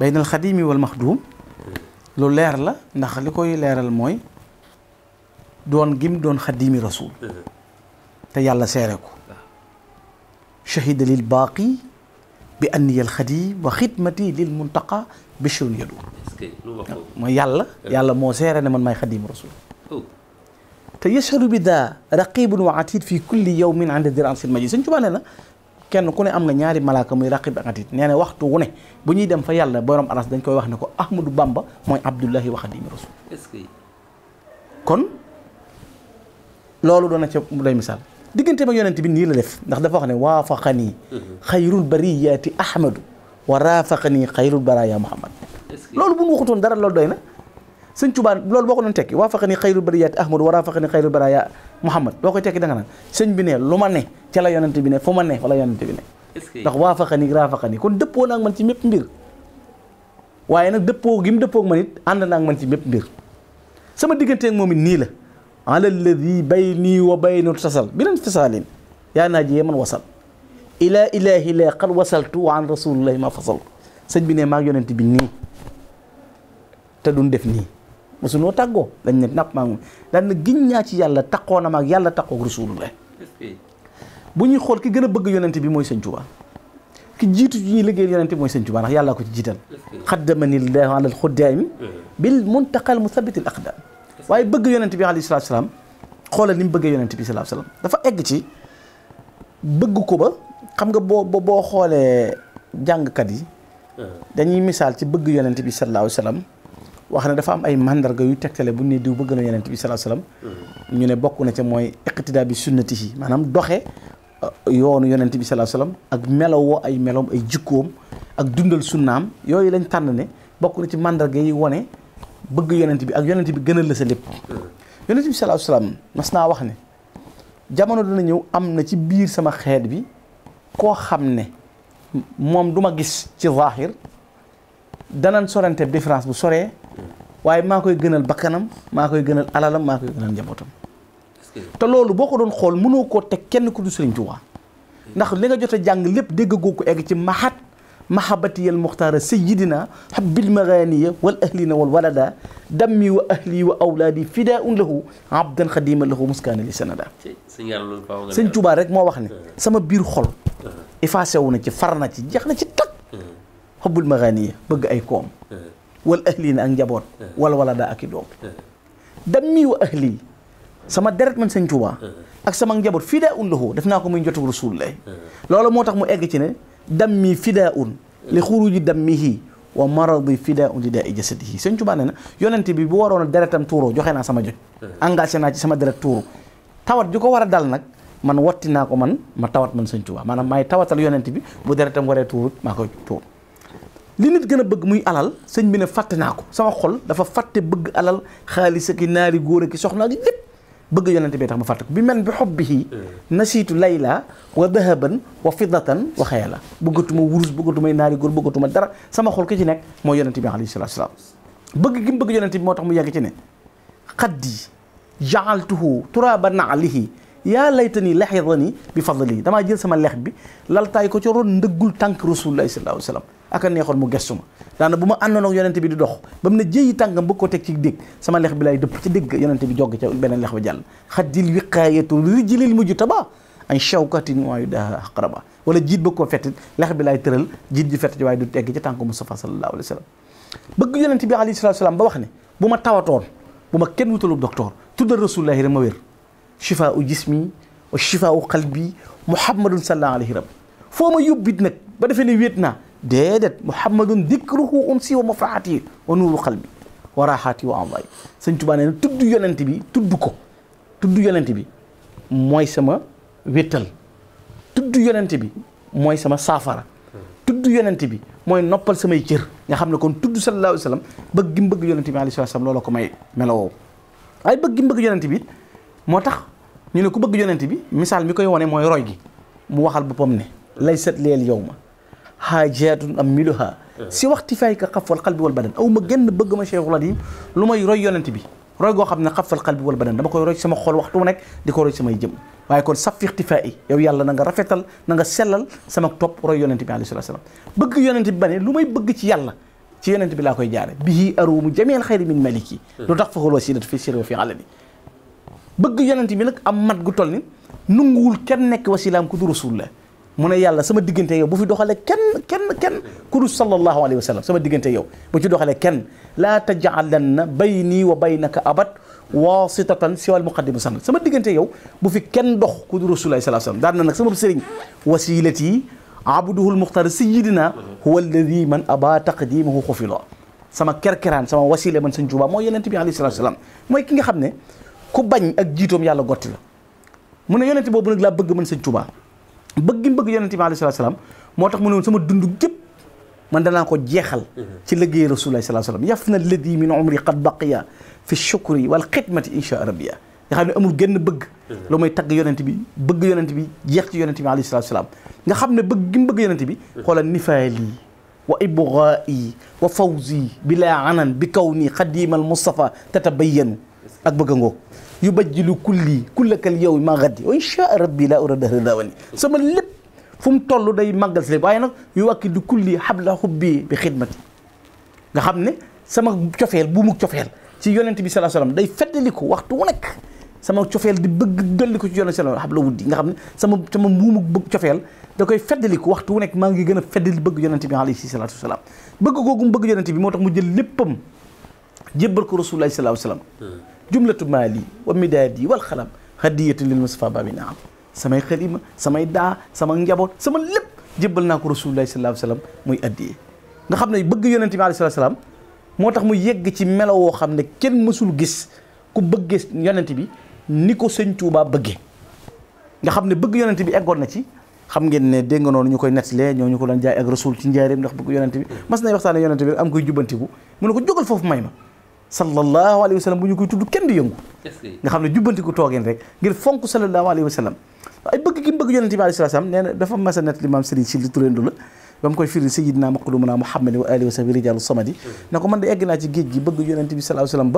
baynal xadimi wal maxduum lu leer la ndax li koy leeral mooy doon gim doon xadimi rasul te yàlla seere ko shahida lil baaqi bi anniya al xadim wa xidmati lil muntaqa bichrun yadu mooy yàlla yàlla moo seere ne man maay xadimu rasul oh. te yashhadu bi daa raqibun wa atid fi kulli yawmin inda dir'ansil majid Sëñ Tuubaa nee na kenn ku ne am nga ñaari malaaka muy raqib ak atid nee na waxtu wu ne bu ñuy dem fa yàlla borom aras dañ koy wax ne ko ahmadou bamba mooy abdullahi wa xaadimu rasul est-ce que kon loolu doona ca lay misaal diggante ba yonent bi nii la def ndax dafa wax ne waafaqanii xayrul bariyaati ahmadou wa raafaqanii xayrul baraya muhammad loolu bu ñu waxutoon dara loolu doy na sëñ Tuubaa loolu boo ko doon tekki waafaqanii xayrul bariyaati ahmadou wa raafaqanii xayrul baraya Muhammad boo koy tekki da nga naan sëñ bi ne lu ma ne ca la bi ne fu ma ne wala yonent bi ne ndax waafaqa ni raafaqa ni kon dëppoo naag man ci mépp mbir waaye nag dëppoo gi mu dëppoo ak man man ci mépp mbir sama digganteeg moom it nii la alalladi bayni wa baynu tasal bi leen tasaalin yaa naa jiyee man wasal ila ilahi la qad wasaltu wa an rasulillahi ma fasaltu sëñ bi ne maag yonent bi nii te def nii mosunoo tàggoo dañ ne napp maa ngi daan na giñ ñaa ci yàlla taqoo na ma ak yàlla taqoo ak rasulullah bu ñuy xool ki gën a bëgg yonente bi mooy sëñ Tuubaa ki jiitu ñuy liggéeyal yonente bi mooy sëñ Tuubaa ndax yàllaa ko ci jiital xaddamanillahu ala alxuddaami mmh. bil muntaqal musabitil aqdam waaye bëgg yonente bi alayhi salaatu salaam xoolal ni mu bëggee yonente bi salaatu salaam dafa egg ci bëgg ko ba xam nga boo boo xoolee jàngkat yi mmh. dañuy misaal ci bëgg yonente bi sallallahu alayhi wa sallam wax ne dafa am ay mandarga yu tegtale bu ne diw bëgg na yonent bi salaa salaam mm-hmm. ñu ne bokk na ca mooy iqtidaa bi sunnatihi maanaam doxe uh, yoonu yonent bi salaa salaam ak melowoo ay meloom ay jikkoom ak dundal sunnaam yooyu lañ tànn ne bokk na ci mandarga yi wone bëgg yonent bi ak yonent bi gënal la sa lépp mm-hmm. yonent bi salaa salaam mas naa wax ne jamono dina ñëw am na ci biir sama xeet bi koo xam ne moom duma gis ci zaahir danan sorante france bu soree waaye maa koy gënal bakkanam maa koy gënal alalam maa koy gënal njabootam te loolu boo ko doon xool mënoo koo teg kenn ku du Sëriñ Tuubaa ndax li nga jot a jàng lépp dégg goo ko egg ci mahat mahabati yal muxtaara sayidina habbil maganiya wal ahlina wal walada dammi wa ahli wa awlaadi fida un lahu abdan xadima lahu muskaana li sanada sëñ Tuubaa rek moo wax ne uh-huh. sama biir xol uh-huh. effacé wu na ci far na ci jeex na ci tag uh-huh. habbul maganiya bëgg ay koom wal ahli na ak njaboot eh. wala wala daa ak i doom eh. dammi wa sama deret man sëñ Tuuba eh. ak sama njaboot fidaa un lahu def naa ko muy njotug rasulullah loolu moo tax mu egg ci ne dammi fidaa un li xuruji dammihi wa maradi fidaa un li daa i jasadihi sëñ Tuuba ne na yonent bi bu waroon a deretam tuuroo joxe naa sama joj engagé naa ci sama deret tuuru tawat ju ko war a dal nag man watti naa ko man ma tawat man sëñ Tuuba maanaam may tawatal yonent bi bu deretam waree tuurut maa li nit gën a bëgg muy alal sëñ bi ne fàtte naa ko sama xol dafa fatte bëgg alal xaalis ak naari góor ak i soxna ak lépp bëgg yonente bi tax ma fàtte ko bi man bi xobbihi nasiitu layla wa dahaban wa fiddatan wa xayala bëggatuma wurus bëggatumay naari góor bëggatuma dara sama xol ki ci nekk mooy yonente bi alayhi salaatu salaam bëgg gi mu bëgg yonente bi moo tax mu yàgg ci ne xaddi jaaltuhu turaaba naalihi yaa laytani laxidani bi fadlihi damaa jël sama lex bi laltaay ko ci ron ndëggul tànk rasulullahi sallallahu alayhi wa sallam aka neexoon mu gestu ma daana bu ma na ak yonente bi di dox ba mu ne jëyi tàngam bëgg ko teg ci dégg sama lex bi lay dëpp ci dégg yonente bi jogg ca beneen lex ba jàll xaddil wiqaayatu rijlil mujtaba an shawkatin waayu daa aqraba wala jiit bëgg koo fett lex bi lay tëral jiit ji fett ci waaye du tegg ci tànk Mustafa sallallahu alayhi wa sallam bëgg yonente bi alayhi salatu salaam ba wax ne bu ma tawatoon bu ma kenn wutalub docteur tuddal rasulullahi rek ma wér shifaa u jismi wa shifaa u qalbi muhammadun sallallahu alayhi wa sallam foo ma yóbbit nag ba defee ne wéet naa déedéet muhammadun dikruhu unsi wa mafaati wa nuuru qalbi wa raaxaati wa envoyé sëñ Tuubaa nee na tudd yonent bi tudd ko tudd yonent bi mooy sama wéttal tudd yonent bi mooy sama saafara tudd yonent bi mooy noppal samay cër nga xam ne kon tudd sallallahu alayhi wa sallam bëgg gi mu salaam ko may melowoo waaye bëgg gi mu bëgg yonent bi moo tax ñu ne ku bëgg yonent bi misaal mi koy wane mooy roy gi mu waxal boppam ne lay set leel yow ma xaajaatun am miluha si waxti fay ka xaf wal xalbi wal badan aw ma gën bëgg ma Cheikhul Xadim lu may roy yonent bi roy goo xam ne xafal xalbi wal badan dama koy roy sama xol waxtu nekk di ko roy samay jëm waaye kon saf ixtifaa yi yow yàlla na nga rafetal na nga sellal sama topp roy yonent bi alayhi salaam bëgg yonent bi ba lu may bëgg ci yàlla ci bi laa koy jaare bihi aruumu jameel xayri min maliki lu tax faxul wasilatu fi sirri wa fi alani bëgg yonent bi nag am mat gu tol toll nungu wul kenn nekk wasilaam ku du rasulullah mu yàlla sama diggante yow bu fi doxalee kenn kenn kenn ku dul sallallahu alayhi wa sama diggante yow bu ci doxalee kenn laa tajcalanna baynii wa baynaka abad waasitatan siwal muqaddim sanad sama diggante yow bu fi kenn dox ku dul rasulullahi sallallahu alayhi wa sallam daan na nag sama sëriñ wasilati abduhul muxtar sayidina huwa alladi man aba taqdimahu xufila sama kerkeraan sama wasila man sëñ Tuubaa mooy yonent bi alayhi salatu salaam mooy ki nga xam ne ku bañ ak jiitoom yàlla gotti la mu ne yonent boobu nag laa bëgg man sëñ Tuubaa bëgg gi mu bëgg yonente bi alayhi salaatu salaam moo tax mu ne woon sama dund gépp man danaa ko jeexal ci liggéey rasulullah sallallahu alayhi wasallam yaf na ladi min umri qad baqiya fi shukri wal xidmati insha rabbiya nga xam ne amul genn bëgg lu may tagg yonent bi bëgg yonent bi jeex ci yonent bi alayhi salaatu salaam nga xam ne bëgg gi mu bëgg yonent bi xoolal nifaali wa ibgaa'i wa fawzi bila anan bi kaw nii xadimal mustafa tatabayanu ak bëgg ngoo yu bajjilu kulli kullakal yow maa gaddi wa insha rabbi laa urada ridawani sama lépp mu toll day màggal waaye nag yu wàkki li kulli xabla xubbi bi xidmati nga xam ne sama cofeel bu mu cofeel si yonent bi salaa salaam day feddali ko waxtu wu nekk sama di bëgg dolli ko ci yonent salaam xabla wuddi nga xam ne sama sama buumu bëgg cofeel da koy feddali ko waxtu wu nekk maa ngi gën a feddali bëgg yonent bi alayhi salaatu wasalaam bëgg googu mu bëgg yonent bi moo tax mu jël léppam jébbal ko rasulullahi jumlatu maali wa midaadi wal xalam hadiyatu lil Mustafa babi naam samay xalima samay daa sama njaboot sama lépp jébbal naa ko rasulullahi sallallahu alayhi wa sallam muy xam ne bëgg yonent bi alayhi salaam moo tax mu yegg ci melo woo xam ne kenn mësul gis ku bëggee yonent bi ni ko sëñ Tuubaa bëggee nga xam ne bëgg yonent bi eggoon na ci xam ngeen ne dégg nga noonu ñu koy nettalee ñoo ñu ko doon jaay ak rasul ci njaareem ndax bëgg yonent bi mas nay waxtaane yonent bi am koy jubbantiku mu ne ko jógal foofu may ma sallallahu alayhi wa sallam bu ñu koy tudd kenn di yëngu nga xam ne jubbanti ko toogeen rek ngir fonk sallallahu alayhi wa sallam ay bëgg gi mu bëgg yonente bi alayhi salaam nee na dafa a nett li maam Serigne si li turéndu la ba mu koy firi naa ci géej gi bëgg yonente bi sallallahu alayhi wa sallam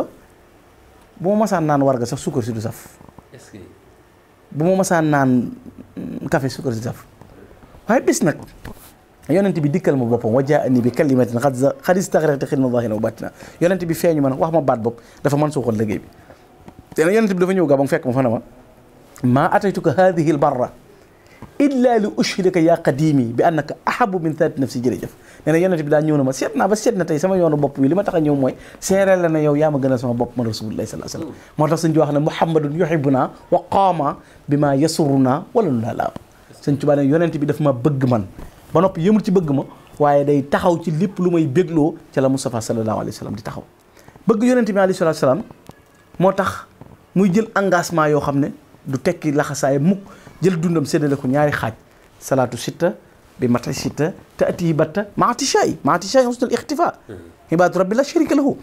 bu ma masaa naan warga sax sukkar si du saf bu ma masaan naan café sukkar si du saf waaye bis nag yonent bi dikkal ma boppam wa jaani bi kalimatin xad istaxraqte xidma zahira wa batina yonent bi feeñu man wax ma baat bopp dafa man suuxal liggéey bi te bi dafa ñëw gabon ma fa na ma seet naa ba seet na sama yoonu bopp bi li ma tax a ñëw mooy seereel la na moo tax suñ di wax ne muhammadun yuhibbuna wa qaama bima yasuruna wala nu laa laa suñ tubaa ne yonent bi dafa ma bëgg man ba noppi yëmul ci bëgg ma waaye day taxaw ci lépp lu may bégloo ca la Moustapha sallallahu alayhi wa sallam di taxaw bëgg yonente bi alayhi salaatu salaam moo tax muy jël engagement yoo xam ne du tekki laxasaay mukk jël dundam séddale ñaari xaaj salaatu sitta bi mata sitta te atiyi batta maati shay maati shay husnul ixtifa hmm. ibaadu rabbi la sharika lahu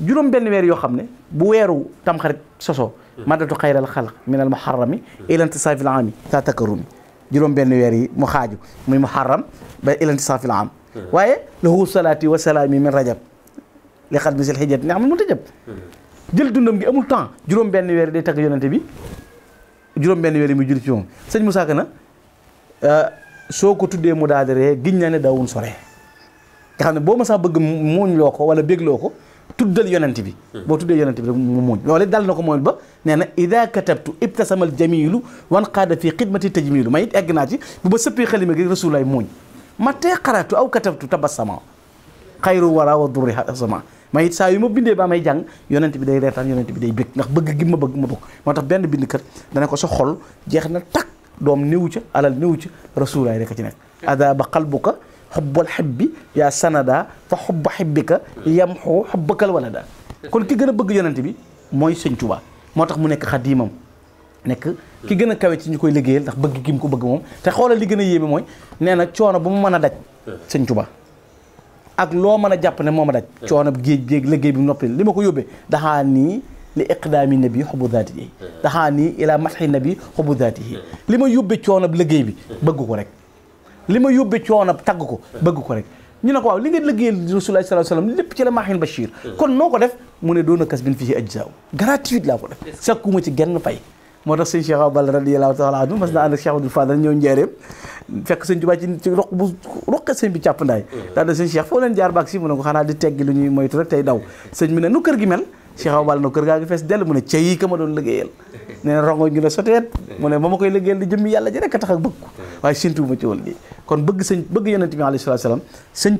juróom benn weer yoo xam ne bu weeru tamxarit soso hmm. madatu xayral xalq min al muharrami hmm. ila intisafil aami taa takarumi juróom benn weer yi mu xaaju muy muharram ba ilanti saafil am waaye lahu salaati wa mii min rajab li xat misil xijat ne amul mu tajab jël dundam gi amul temps juróom benn weer yi day tagg yonente bi juróom weer yi muy jul ci moom sëñ Moussa na euh, soo ko tuddee mu daal di ree giñ na ne daawun sore nga xam ne boo ma sax bëgg muuñ loo ko wala bégloo ko tuddal yonent bi hmm. boo tuddee yonent bi rek mu muuñ loolu dal na ko mooy ba nee na ida katabtu ibtasamal jamilu wan qaada fii xidmati tajmilu may egg naa ci bu ba sëppee xalima gi rasulaay muuñ ma tee xaraatu aw katabtu wa durri sama ma it saa yu ma bindee ba may jàng yonent bi day reetaan yonent bi day bég ndax bëgg gi ma bëgg ma bëgg moo tax benn bind kër dana ko sa xol jeex na takk doom néew ca alal néew ca rasulaay rek a ci nekk hmm. ada ba qalbuka xubbal xibbi yaa sanada fa xubba xibbika yam xoo xubbakal wala da kon ki gën a bëgg yonant bi mooy sëñ Tuubaa moo tax mu nekk xadiimam nekk ki gën a kawe ci ñu koy liggéeyal ndax bëgg gi mu ko bëgg moom te xoolal li gën a yéeme mooy nee na coono bu mu mën a daj sëñ Tuubaa ak loo mën a jàpp ne moom a daj coono géej géej liggéey bi noppi li ma ko yóbbee daxaa nii li iqdaami nabi xubu daatihi daxaa nii ila matxi nabi xubu daatihi li ma yóbbee coono liggéey bi bëgg ko rek li ma yóbbee coono tagg ko bëgg ko rek ñu ne ko waaw li nga liggéeyal rasulullah sallallahu alayhi wasallam lépp ci la maaxil bachir kon noo ko def mu ne doona kas bin fi ci ajzaaw gratuite laa ko def sakkuma ci genn fay moo tax sëñ Cheikh Abal radiyallahu laa anhu mas na ànd ak Cheikh Abdoul Fadal ñëw njeereem fekk sëñ Tuubaa ci ci roq mm-hmm. foo jaar baag si mu ne xanaa di teggi lu ñuy moytu tey daw sëñ ne nu kër gi mel Cheikh Awa Balla na kër gaa ngi fees dell mu ne ca ma doon liggéeyal nee rongo ñu la soteet mu ne ba ma koy liggéeyal di jëmmi yàlla ji rek a tax ak bëgg ko waaye sëñ Tuubaa ci woon lii kon bëgg sëñ bëgg yonent bi alayhi salaatu salaam bi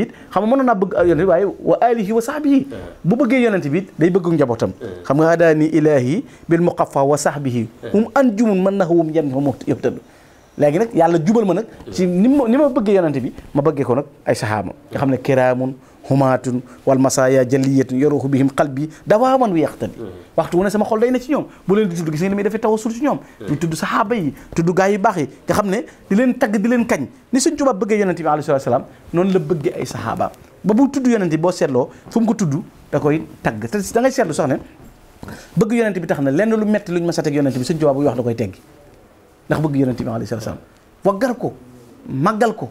it xam nga mënoon naa bëgg yonent bi waaye wa alihi wa sahbihi bu bëggee yonent bi it day bëgg njabootam xam nga hadaani fa mu yëpp léegi nag yàlla jubal ma nag ci ni ma ni ma bëggee yonante bi ma bëggee ko nag ay saxaabam nga xam ne kiraamun humaatun wal masaaya jaliyatun yaruhu bihim qalbi dawaaman wi yaqtali waxtu wu ne sama xol day na ci ñoom bu leen di tudd gis nga ni muy defee tawasul ci ñoom di tudd saxaaba yi tudd gaa yu baax yi nga xam ne di leen tagg di leen kañ ni suñ tubaab bëggee yonante bi alayhi salaam noonu la bëggee ay saxaabaam ba bu tudd yonante boo seetloo fu mu ko tudd da koy tagg te da ngay seetlu sax ne bëgg yonante bi tax na lenn lu metti luñ ma sa teg yonante bi suñ tubaab bu wax da koy teggi ndax bëgg yonent bi alayhi salaam waggar ko màggal ko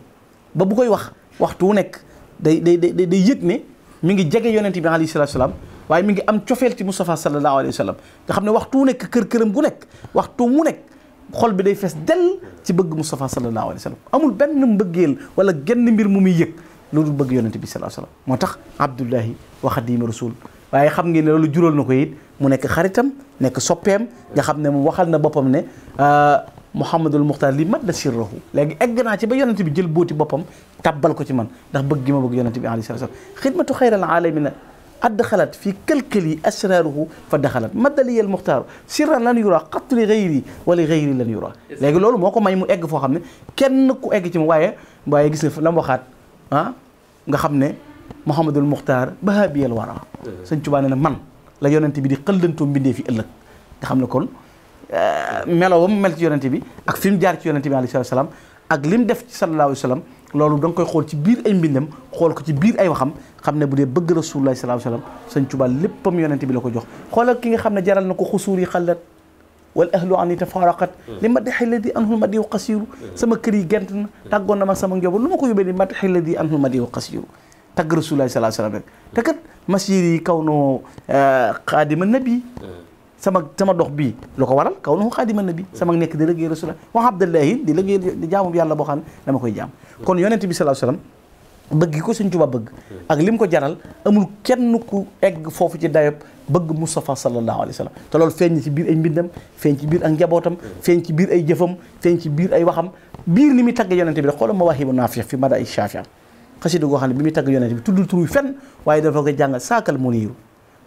ba bu koy wax waxtu wu nekk day day day day yëg ne mi ngi jege yonent bi alayhi salaam waaye mi ngi am cofeel ci Moustapha sallallahu alayhi wa sallam nga xam ne waxtu wu nekk kër këram gu nekk waxtu wu nekk xol bi day fees dell ci bëgg Moustapha sallallahu alayhi wa sallam amul benn mbëggeel wala genn mbir mu muy yëg loolu bëgg yonent bi sallallahu alayhi wa sallam moo tax Abdullahi wa Xaadimu Rasul waaye xam ngeen ne loolu jural na ko it mu nekk xaritam nekk soppeem nga xam ne mu waxal na boppam ne ah, Mouhamadul Muxtaar li mat la sirrahu léegi egg naa ci ba yonent bi jël booti boppam tabbal ko ci man ndax bëgg ma bëgg yonent bi alayhi salaam xidmatu xayral aalamina addaxalat fi kalkali asraruhu fa daxalat madaliyal muxtaaru sirran lan yura xattu li xayri wala xayri lan yura léegi loolu moo ko may mu egg foo xam ne kenn ku egg ci mu waaye waaye gis nga la mu waxaat ah nga xam ne Mouhamadul Muxtaar bahabiyal wara sëñ Tuubaa ne na man la yonent bi di xëllanto mbindee fi ëllëg nga xam ne kon Euh, melo ba mu mel ci yonente bi ak fi jaar ci yonente bi alayhi salaam ak lim def ci sallallahu alayhi wasallam loolu da nga koy xool ci biir ay mbindam xool ko ci biir ay waxam xam ne bu dee bëgg rasulullah sallallahu alayhi wasallam sëñ Tuubaa léppam yonente bi la ko jox xoolal ki nga xam ne jaral na ko xusuur yi xalat wal ahlu an i tafaraqat hmm. li madaxi la di anhul madiw xasiru hmm. sama kër yi gent hmm. tàggoon na sama njaboot lu ma ko yóbbee li madaxi la di anhul madiw xasiru tagg rasulullah sallallahu alayhi wasallam rek te kat masir yi kaw noo euh, xaadima nabi sama sama dox bii lu ko waral kaw nu na bi sama nekk di liggéey rasul wa abdallahi di liggéey di jaamu yàlla boo xam dama koy jaam kon yonent bi sallallahu alayhi wasallam bëgg ko Sëñ Tuubaa bëgg ak lim ko jaral amul kenn ku egg foofu ci dayob bëgg Moustapha sallallahu alayhi wa sallam te lool feeñ ci biir ay mbindam feeñ ci biir ak njabootam feeñ ci biir ay jëfam feeñ ci biir ay waxam biir li muy tagg yonent bi da xoolal ma waahibu naafi fi mada ay shafian xasida goo xam ne bi muy tagg yonent bi tuddul turu fenn waaye dafa ko jàngal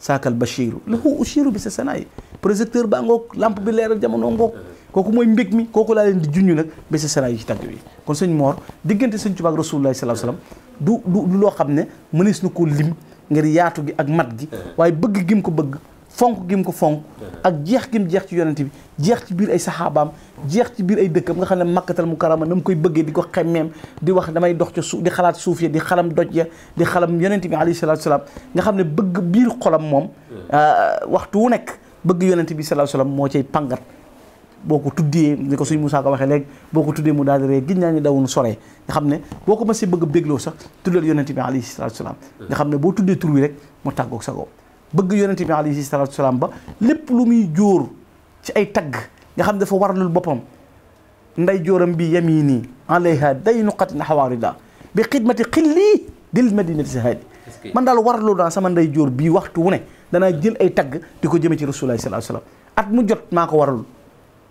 saakal Bachiru lahu ushiru bi sa sanaay projecteur baa ngoog lampe bi leeral jamono ngoog kooku mooy mbég mi kooku laa leen di junj nag bi sa sanaay yi ci tàgg bi kon sëñ Mor diggante sëñ Tuubaa ak Rasulullaahi sallallaahu alayhi wa du du loo xam ne mënees na koo lim ngir yaatu gi ak mat gi eh. waaye bëgg gim ko bëgg fonk gim ko fonk ak jeex gim jeex ci yonent bi jeex ci biir ay saxaabaam jeex ci biir ay dëkkam nga xam ne makkatal mu karama na mu koy bëggee di ko xemmeem di wax damay dox ca suuf di xalaat suuf ya di xalam doj ya di xalam yonent bi alayhi salaatu salaam nga xam ne bëgg biir xolam moom euh, waxtu wu nekk bëgg yonent bi salaatu salaam moo cay pàngat boo ko tuddee ni ko suñ Moussa ko waxee léegi boo ko tuddee mu daal di ree gis naa ñu dawun soree nga xam ne boo ko mësee bëgg a bégloo sax tuddal yonent bi alayhi salaatu salaam nga xam ne boo tuddee tur rek mu tàggoog sa bëgg yonente bi alayhi salaatu salaam ba lépp lu muy jóor ci ay tagg nga xam dafa warlul boppam nday jóoram bi yamini alayha day nuqatin xawaarida bi xidmati xillii dil madinati sahaadi man daal warlu naa sama nday jóor bii waxtu wu ne danaa jël ay tagg di ko jëme ci rasulullahi salaatu salaam at mu jot maa ko warlul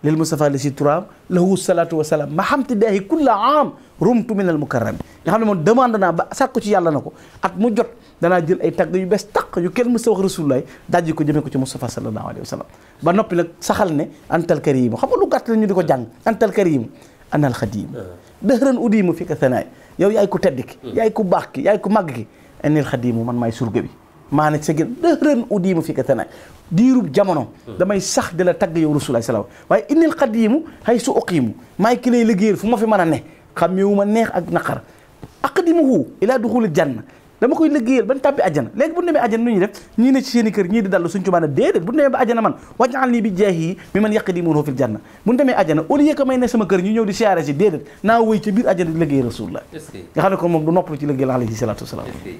lil Mustafa li si turaam lahu salaatu wa salaam ma xam hamtidahi kulla am rumtu min al mukarram nga xam ne moom demande naa ba ko ci yàlla na ko at mu jot danaa jël ay tagg yu bees taq yu kenn mës a wax rasulullah dajji ko jëmee ko ci Mustafa sallallahu alayhi wa sallam ba noppi nag saxal ne antal karimu xam nga lu gàtt la ñu di ko jàng antal karimu anal xadimu ah. dëhran udimu fi ka sanaay yow yaay ku tedd ki hmm. yaay ku baax ki yaay ku màgg ki anil xadimu man maay surga bi maa ne sa gën dëhëran udiimu fi ka tana diirub jamono damay sax di la tagg yow rasulaay salaam waaye innil xadiimu hay su uqiimu maay ki lay liggéeyal fu ma fi mën a ne xameewu ma neex ak naqar aqdimuhu ilaa duxuli janna dama koy liggéeyal ban tàbbi ajjana léegi bu demee ajjana nu ñuy def ne ci seen i kër ñii di dallu suñ cubaana déedéet bu demee ba ajjana man wajal nii bi jeexi mi man yaqdimuhu fil janna bu ne sama kër ñu ñëw di liggéeyal nga xam ne kon moom du noppalu ci liggéeyal alayhi